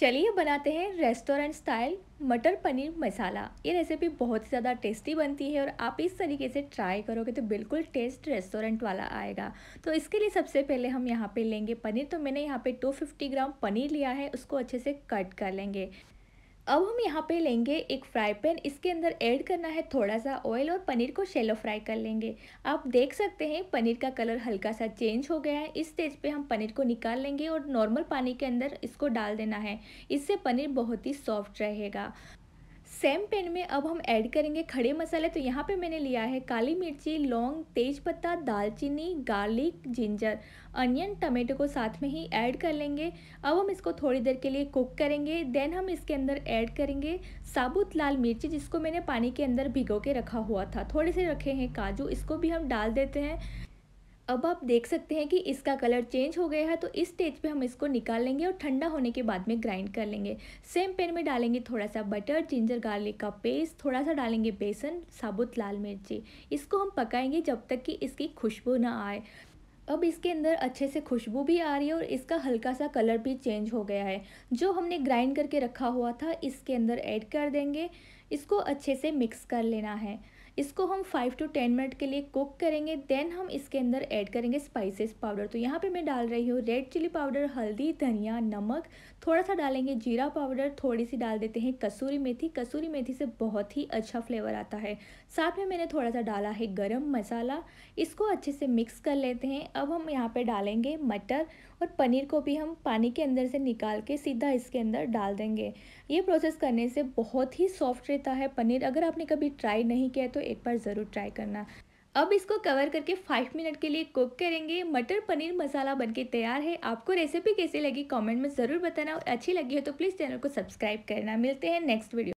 चलिए बनाते हैं रेस्टोरेंट स्टाइल मटर पनीर मसाला ये रेसिपी बहुत ही ज़्यादा टेस्टी बनती है और आप इस तरीके से ट्राई करोगे तो बिल्कुल टेस्ट रेस्टोरेंट वाला आएगा तो इसके लिए सबसे पहले हम यहाँ पे लेंगे पनीर तो मैंने यहाँ पे 250 ग्राम पनीर लिया है उसको अच्छे से कट कर लेंगे अब हम यहाँ पे लेंगे एक फ्राई पैन इसके अंदर ऐड करना है थोड़ा सा ऑयल और पनीर को शेलो फ्राई कर लेंगे आप देख सकते हैं पनीर का कलर हल्का सा चेंज हो गया है इस स्टेज पे हम पनीर को निकाल लेंगे और नॉर्मल पानी के अंदर इसको डाल देना है इससे पनीर बहुत ही सॉफ्ट रहेगा सेम पेन में अब हम ऐड करेंगे खड़े मसाले तो यहाँ पे मैंने लिया है काली मिर्ची लौंग तेज पत्ता दालचीनी गार्लिक जिंजर अनियन टमाटो को साथ में ही ऐड कर लेंगे अब हम इसको थोड़ी देर के लिए कुक करेंगे देन हम इसके अंदर ऐड करेंगे साबुत लाल मिर्ची जिसको मैंने पानी के अंदर भिगो के रखा हुआ था थोड़े से रखे हैं काजू इसको भी हम डाल देते हैं अब आप देख सकते हैं कि इसका कलर चेंज हो गया है तो इस स्टेज पे हम इसको निकाल लेंगे और ठंडा होने के बाद में ग्राइंड कर लेंगे सेम पेन में डालेंगे थोड़ा सा बटर जिंजर गार्लिक का पेस्ट थोड़ा सा डालेंगे बेसन साबुत लाल मिर्ची इसको हम पकाएंगे जब तक कि इसकी खुशबू ना आए अब इसके अंदर अच्छे से खुशबू भी आ रही है और इसका हल्का सा कलर भी चेंज हो गया है जो हमने ग्राइंड करके रखा हुआ था इसके अंदर ऐड कर देंगे इसको अच्छे से मिक्स कर लेना है इसको हम फाइव टू टेन मिनट के लिए कुक करेंगे देन हम इसके अंदर ऐड करेंगे स्पाइसेस पाउडर तो यहाँ पे मैं डाल रही हूँ रेड चिली पाउडर हल्दी धनिया नमक थोड़ा सा डालेंगे जीरा पाउडर थोड़ी सी डाल देते हैं कसूरी मेथी कसूरी मेथी से बहुत ही अच्छा फ्लेवर आता है साथ में मैंने थोड़ा सा डाला है गर्म मसाला इसको अच्छे से मिक्स कर लेते हैं अब हम यहाँ पर डालेंगे मटर और पनीर को भी हम पानी के अंदर से निकाल के सीधा इसके अंदर डाल देंगे ये प्रोसेस करने से बहुत ही सॉफ्ट रहता है पनीर अगर आपने कभी ट्राई नहीं किया तो एक बार ज़रूर ट्राई करना अब इसको कवर करके फाइव मिनट के लिए कुक करेंगे मटर पनीर मसाला बनके तैयार है आपको रेसिपी कैसी लगी कमेंट में ज़रूर बताना और अच्छी लगी है तो प्लीज़ चैनल को सब्सक्राइब करना मिलते हैं नेक्स्ट वीडियो